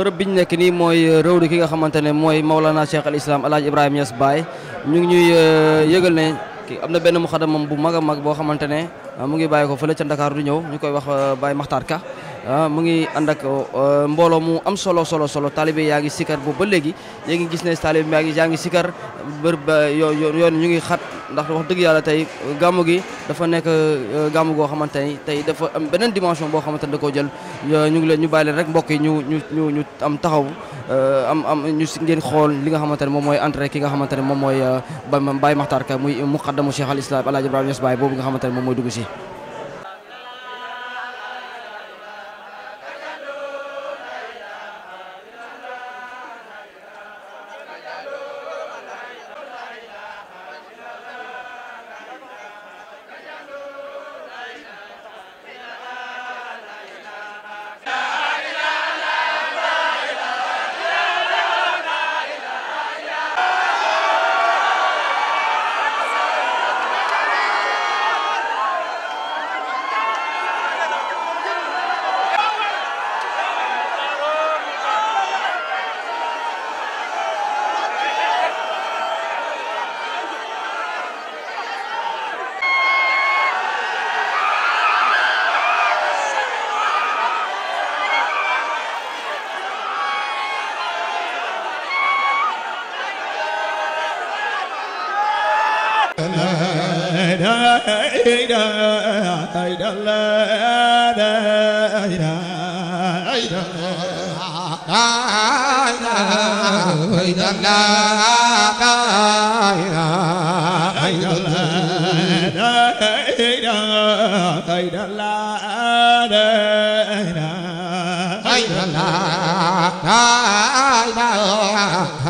bërëb bi ñu nekk nii mooy euh, rëwdu ki nga xamante ne mooy Maulana Cheikh al Islam El Hadj Ibrahima Niass Baye ñu ngi ñuy euh, yëgal ne am na benn muxadamam bu mag a mag boo xamante ne mu ngi bàyyi ko fële ca Dakar du ñëw ñu koy wax euh, Baye Makhtar Ka Mungkin anda ànd ak mu am solo solo solo talibe yaa ngi sikar bu ba léegi yaa ngi gis ne talibe yaa sikar ber yo yo yoon ñu ngi xat ndax wax dëgg yàlla tey gàmm gi dafa nekk gàmm goo xamante ni tey dafa am beneen dimension boo xamante ni da koo jël ñu ngi leen ñu bàyyi leen rek mbokk yi ñu ñu ñu am tahu am am ñu ngeen xool li nga xamante mui moom kiga entré ki mui xamante ne moom mooy Baye Mahtar muy muqaddamu Cheikh Al Islam El Hadj Ibrahim Niass Baye boobu nga xamante ne si. la la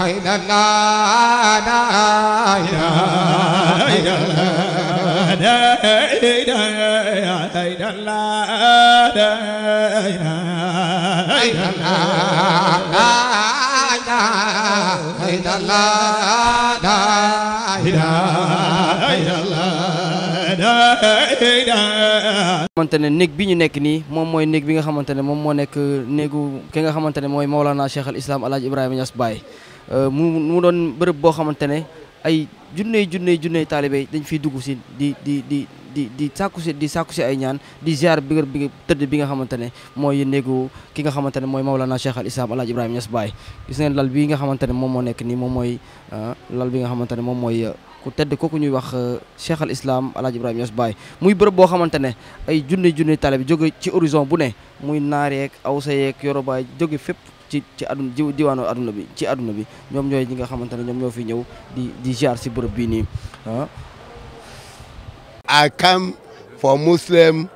hay na na na ya ya da da da da la da ya ya na na ya ya da la da ya ya la xamante ne néeg bi ñu nekk nii moom mooy néeg bi nga xamante ne moom moo nekk néegu ki nga xamante ne mooy Mawlana Cheikh al Islam El Hadj Ibrahima baay Baye euh, mu mu doon bërëb boo xamante ne ay junney junney junney taalibe dañ fiy dugg si di di di di di sàkku di sàkku si ay ñaan di ziar bi bi tëdd bi nga xamante ne mooy néegu ki nga xamante ne mooy Mawlana Cheikh al Islam El Hadj Ibrahima Niass Baye gis ngeen lal bi nga xamante ne moom moo nekk nii moom mooy euh, lal bi nga xamante ne moom mooy euh, ku tedd ku ñuy wax euh, cheikh al islam alaaji ibrahima Niass Baye muy bërëb boo xamante ne ay junni junni taalibe jóge ci horizon bu ne muy naar yeeg awsa yeek yorobaay joge fépp ci ci aduna ji diwaanu aduna bi ci aduna bi ñoom ñooy ñi nga xamante ne ñoom ñoo fi ñëw di di jaar si bërëb bii nii ah I come for Muslim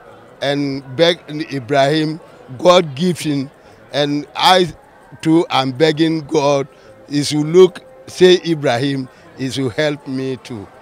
and beg Ibrahim God giving and I am begging God is to look say Ibrahim is you help me to